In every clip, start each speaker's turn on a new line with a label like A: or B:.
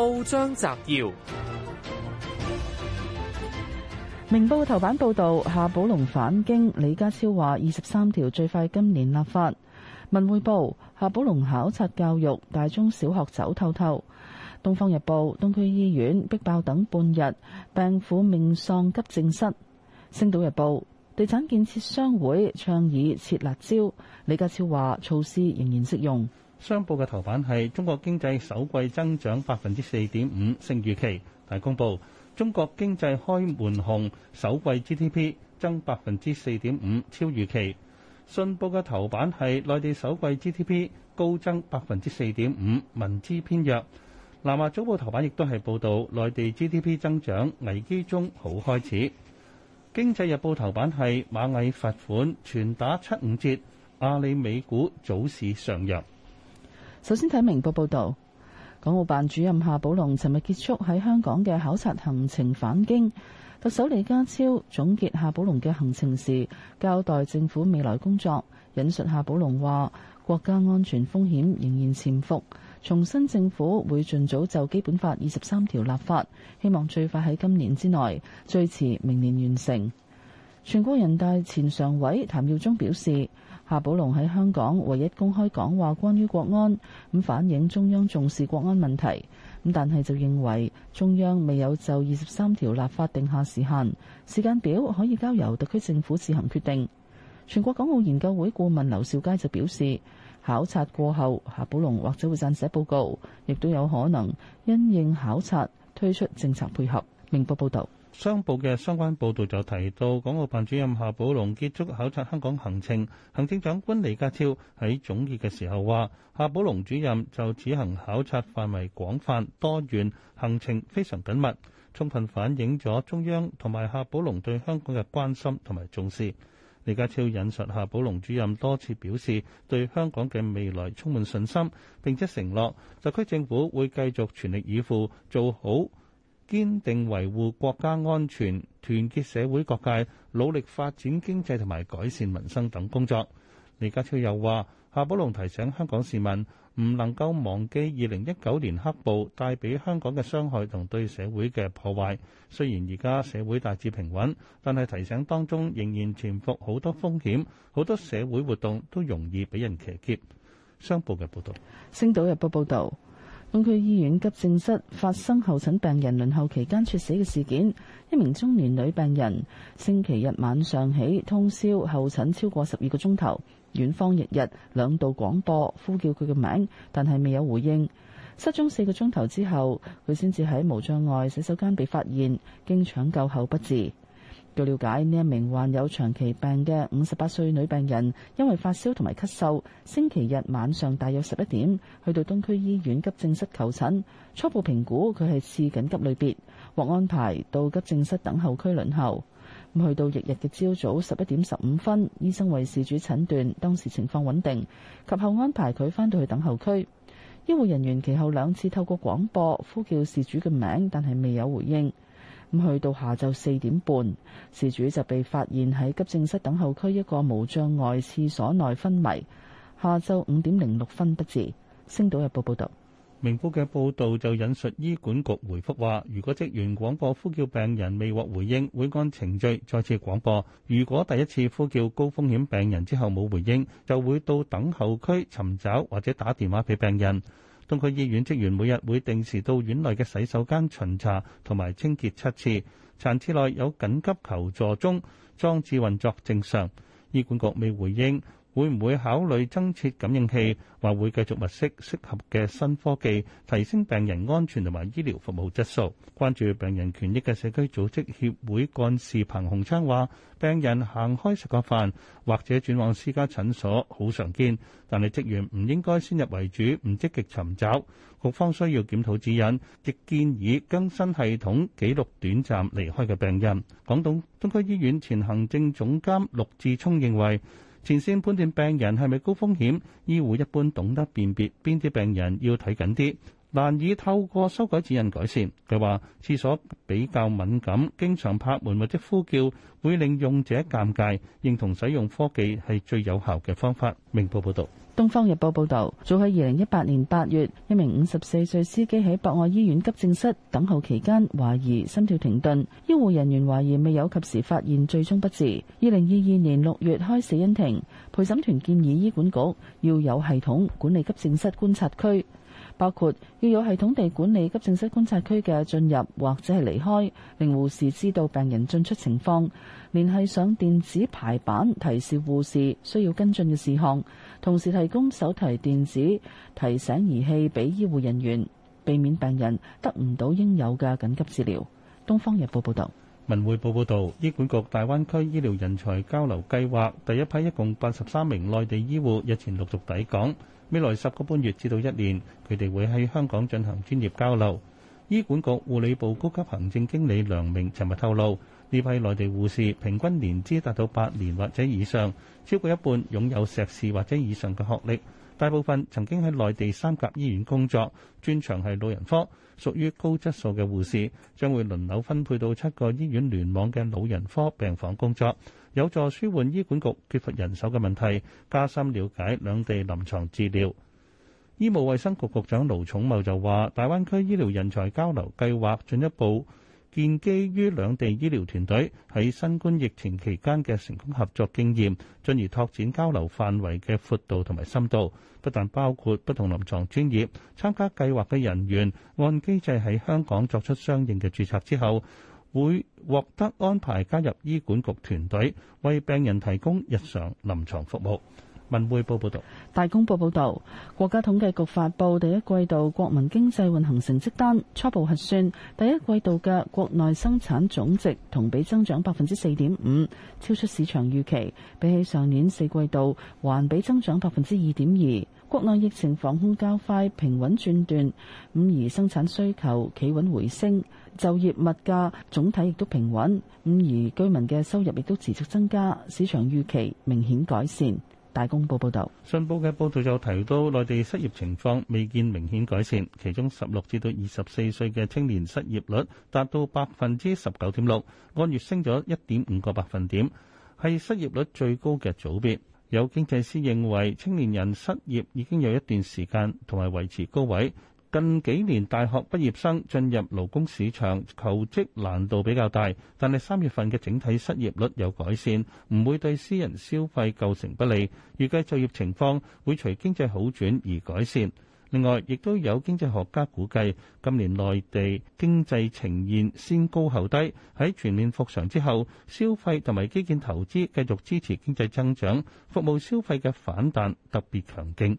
A: 報章摘要：明報頭版報道，夏寶龍返京，李家超話二十三條最快今年立法。文匯報：夏寶龍考察教育，大中小學走透透。東方日報：東區醫院逼爆等半日，病婦命喪急症室。星島日報：地產建設商會倡議撤辣招，李家超話措施仍然適用。
B: 商報嘅頭版係中國經濟首季增長百分之四點五，勝預期。大公報：中國經濟開門紅，首季 GDP 增百分之四點五，超預期。信報嘅頭版係內地首季 GDP 高增百分之四點五，民資偏弱。南華早報頭版亦都係報道內地 GDP 增長危機中好開始。經濟日報頭版係螞蟻罰款全打七五折，阿里美股早市上揚。
A: 首先睇明報報道，港澳辦主任夏寶龍尋日結束喺香港嘅考察行程返京。特首李家超總結夏寶龍嘅行程時，交代政府未來工作。引述夏寶龍話：國家安全風險仍然潛伏，重申政府會盡早就基本法二十三條立法，希望最快喺今年之內，最遲明年完成。全國人大前常委譚耀宗表示。夏寶龍喺香港唯一公開講話關於國安，咁反映中央重視國安問題，咁但係就認為中央未有就二十三條立法定下時限、時間表，可以交由特區政府自行決定。全國港澳研究會顧問劉兆佳就表示，考察過後，夏寶龍或者會撰寫報告，亦都有可能因應考察推出政策配合。明報報道。
B: 商報嘅相關報導就提到，港澳辦主任夏寶龍結束考察香港行程，行政長官李家超喺總結嘅時候話：夏寶龍主任就此行考察範圍廣泛多元，行程非常緊密，充分反映咗中央同埋夏寶龍對香港嘅關心同埋重視。李家超引述夏寶龍主任多次表示，對香港嘅未來充滿信心，並且承諾特區政府會繼續全力以赴做好。堅定維護國家安全，團結社會各界，努力發展經濟同埋改善民生等工作。李家超又話：夏寶龍提醒香港市民，唔能夠忘記二零一九年黑暴帶俾香港嘅傷害同對社會嘅破壞。雖然而家社會大致平穩，但係提醒當中仍然潛伏好多風險，好多社會活動都容易俾人騎劫。商報嘅報導，
A: 星島日報報導。東區醫院急症室發生候診病人輪候期間猝死嘅事件，一名中年女病人星期日晚上起通宵候診超過十二個鐘頭，院方日日兩度廣播呼叫佢嘅名，但係未有回應。失蹤四個鐘頭之後，佢先至喺無障礙洗手間被發現，經搶救後不治。據了解，呢一名患有長期病嘅五十八歲女病人，因為發燒同埋咳嗽，星期日晚上大約十一點，去到東區醫院急症室求診。初步評估佢係次緊急類別，獲安排到急症室等候區輪候。咁去到翌日嘅朝早十一點十五分，醫生為事主診斷當時情況穩定，及後安排佢返到去等候區。醫護人員其後兩次透過廣播呼叫事主嘅名，但係未有回應。咁去到下晝四點半，事主就被發現喺急症室等候區一個無障礙廁所內昏迷，下晝五點零六分不治。星島日報報道，
B: 明報嘅報道就引述醫管局回覆話，如果職員廣播呼叫病人未獲回應會按程序再次廣播，如果第一次呼叫高風險病人之後冇回應就會到等候區尋找或者打電話俾病人。東區醫院職員每日會定時到院內嘅洗手間巡查同埋清潔七次，殘廁內有緊急求助鐘裝置運作正常，醫管局未回應。會唔會考慮增設感應器，話會繼續物色適合嘅新科技，提升病人安全同埋醫療服務質素。關注病人權益嘅社區組織協會幹事彭鴻昌話：病人行開食個飯，或者轉往私家診所，好常見，但係職員唔應該先入為主，唔積極尋找。局方需要檢討指引，亦建議更新系統記錄短暫離開嘅病人。港島中區醫院前行政總監陸志聰認為。前線判斷病人係咪高風險，醫護一般懂得辨別邊啲病人要睇緊啲。難以透過修改指引改善。佢話：廁所比較敏感，經常拍門或者呼叫會令用者尷尬，認同使用科技係最有效嘅方法。明報報道：
A: 《東方日報》報道，早喺二零一八年八月，一名五十四歲司機喺博愛醫院急症室等候期間，懷疑心跳停頓，醫護人員懷疑未有及時發現最終，最終不治。二零二二年六月開死因庭。陪審團建議醫管局要有系統管理急症室觀察區。包括要有系統地管理急症室觀察區嘅進入或者係離開，令護士知道病人進出情況，聯繫上電子排版提示護士需要跟進嘅事項，同時提供手提電子提醒儀器俾醫護人員，避免病人得唔到應有嘅緊急治療。東方日報報道，
B: 文匯報報道，醫管局大灣區醫療人才交流計劃第一批一共八十三名內地醫護日前陸續抵港。未來十個半月至到一年，佢哋會喺香港進行專業交流。醫管局護理部高級行政經理梁明尋日透露，呢批內地護士平均年資達到八年或者以上，超過一半擁有碩士或者以上嘅學歷。大部分曾經喺內地三甲醫院工作，專長係老人科，屬於高質素嘅護士，將會輪流分配到七個醫院聯網嘅老人科病房工作，有助舒緩醫管局缺乏人手嘅問題，加深了解兩地臨床治療。醫務衛生局局長盧寵茂就話，大灣區醫療人才交流計劃進一步。建基於兩地醫療團隊喺新冠疫情期間嘅成功合作經驗，進而拓展交流範圍嘅闊度同埋深度，不但包括不同臨床專業參加計劃嘅人員，按機制喺香港作出相應嘅註冊之後，會獲得安排加入醫管局團隊，為病人提供日常臨床服務。文匯報報道，
A: 大公報報道，國家統計局發佈第一季度國民經濟運行成績單，初步核算，第一季度嘅國內生產總值同比增長百分之四點五，超出市場預期。比起上年四季度，環比增長百分之二點二。國內疫情防控較快平穩轉段，五而生產需求企穩回升，就業物價總體亦都平穩，五而居民嘅收入亦都持續增加，市場預期明顯改善。大公報報導，
B: 信報嘅報導就提到，內地失業情況未見明顯改善，其中十六至到二十四歲嘅青年失業率達到百分之十九點六，按月升咗一點五個百分點，係失業率最高嘅組別。有經濟師認為，青年人失業已經有一段時間同埋維持高位。近幾年大學畢業生進入勞工市場，求職難度比較大，但係三月份嘅整體失業率有改善，唔會對私人消費構成不利。預計就業情況會隨經濟好轉而改善。另外，亦都有經濟學家估計，今年內地經濟呈現先高後低，喺全面復常之後，消費同埋基建投資繼續支持經濟增長，服務消費嘅反彈特別強勁。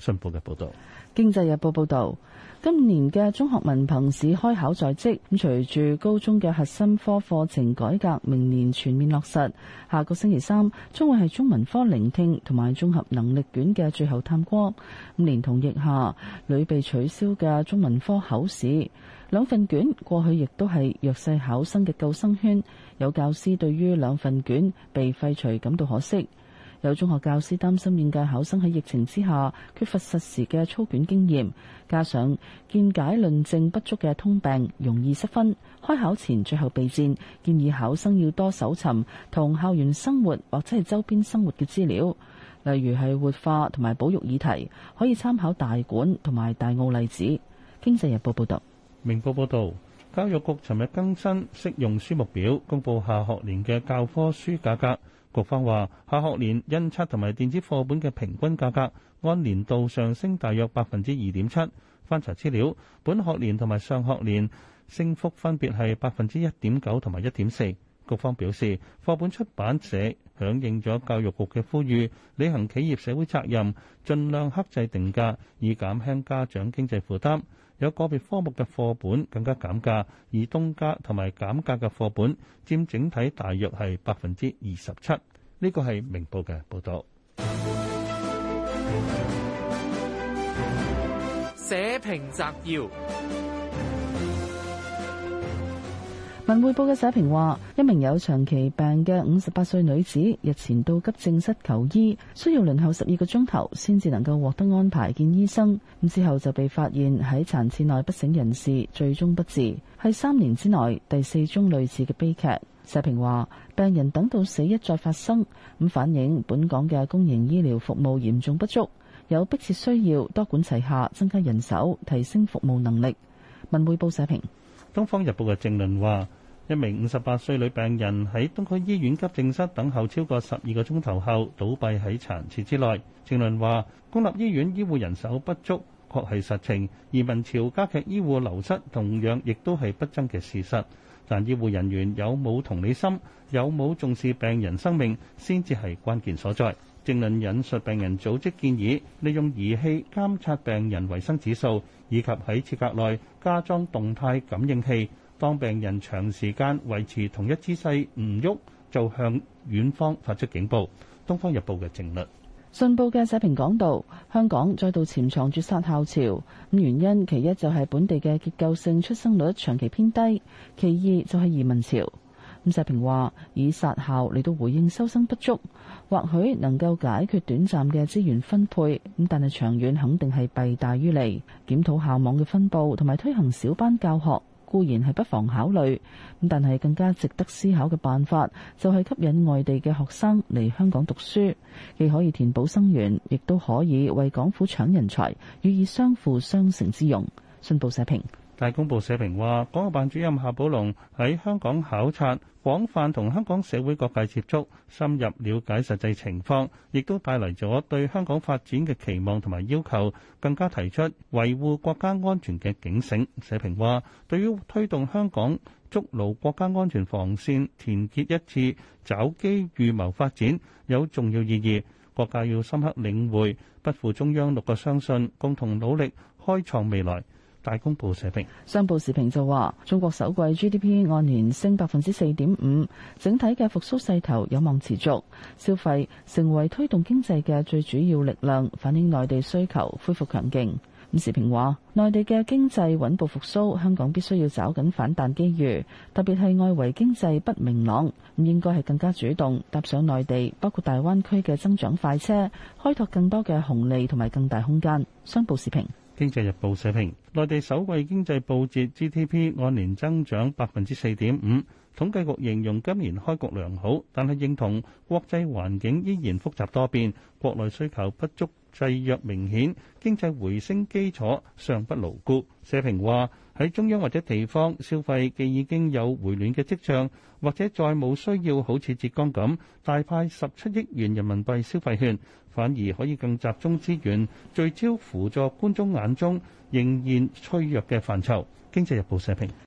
B: 《新報》嘅報導，
A: 《經濟日報》報導，今年嘅中學文憑試開考在即，咁隨住高中嘅核心科課程改革明年全面落實，下個星期三將會係中文科聆聽同埋綜合能力卷嘅最後探戈。五年同疫下，屢被取消嘅中文科口試兩份卷，過去亦都係弱勢考生嘅救生圈。有教師對於兩份卷被廢除感到可惜。有中學教師擔心應屆考生喺疫情之下缺乏實時嘅操卷經驗，加上見解論證不足嘅通病，容易失分。開考前最後備戰，建議考生要多搜尋同校園生活或者係周邊生活嘅資料，例如係活化同埋保育議題，可以參考大館同埋大澳例子。經濟日報報道，
B: 明報報道。教育局尋日更新適用書目表，公布下學年嘅教科書價格。局方話，下學年印刷同埋電子課本嘅平均價格按年度上升大約百分之二點七。翻查資料，本學年同埋上學年升幅分別係百分之一點九同埋一點四。局方表示，課本出版社響應咗教育局嘅呼籲，履行企業社會責任，盡量克制定價，以減輕家長經濟負擔。有個別科目嘅課本更加減價，而凍價同埋減價嘅課本佔整體大約係百分之二十七。呢個係明報嘅報導。社評摘要。
A: 文匯報嘅社評話：一名有長期病嘅五十八歲女子日前到急症室求醫，需要輪候十二個鐘頭先至能夠獲得安排見醫生。咁之後就被發現喺殘廁內不省人事，最終不治，係三年之內第四宗類似嘅悲劇。社評話：病人等到死一再發生，咁反映本港嘅公營醫療服務嚴重不足，有迫切需要多管齊下，增加人手，提升服務能力。文匯報社評。
B: 《東方日報》嘅正論話：一名五十八歲女病人喺東區醫院急症室等候超過十二個鐘頭後倒斃喺殘廁之內。正論話：公立醫院醫護人手不足確係實情，移民潮加劇醫護流失同樣亦都係不爭嘅事實。但醫護人員有冇同理心，有冇重視病人生命，先至係關鍵所在。政論引述病人組織建議，利用儀器監察病人維生指數，以及喺廁格內加裝動態感應器，當病人長時間維持同一姿勢唔喐，就向院方發出警報。《東方日報》嘅政論，
A: 信報嘅社評講到：香港再度潛藏住殺校潮，咁原因其一就係本地嘅結構性出生率長期偏低，其二就係移民潮。吳世平話：以殺校嚟,到回應收生不足，或許能夠解決短暫嘅資源分配，咁但係長遠肯定係弊大於利。檢討校網嘅分布同埋推行小班教學固然係不妨考慮，咁但係更加值得思考嘅辦法就係、是、吸引外地嘅學生嚟香港讀書，既可以填補生源，亦都可以為港府搶人才，予以相輔相成之用。信報社評，
B: 大公報社評話：港澳辦主任夏寶龍喺香港考察。廣泛同香港社會各界接觸，深入了解實際情況，亦都帶嚟咗對香港發展嘅期望同埋要求，更加提出維護國家安全嘅警醒。社評話，對於推動香港築牢國家安全防線，團結一致、找機預謀發展有重要意義。各界要深刻領會，不負中央六個相信，共同努力開創未來。大公報社評，
A: 商報時評就話：中國首季 GDP 按年升百分之四點五，整體嘅復甦勢頭有望持續，消費成為推動經濟嘅最主要力量，反映內地需求恢復強勁。伍時評話，內地嘅經濟穩步復甦，香港必須要找緊反彈機遇，特別係外圍經濟不明朗，唔應該係更加主動搭上內地，包括大灣區嘅增長快車，開拓更多嘅紅利同埋更大空間。商報時評。
B: 經濟日報社評：內地首季經濟報捷，GDP 按年增長百分之四點五。統計局形容今年開局良好，但係認同國際環境依然複雜多變，國內需求不足制約明顯，經濟回升基礎尚不牢固。社評話：喺中央或者地方，消費既已經有回暖嘅跡象，或者再冇需要好似浙江咁大派十七億元人民幣消費券。反而可以更集中資源，聚焦輔助觀眾眼中仍然脆弱嘅範疇，《經濟日報》社評。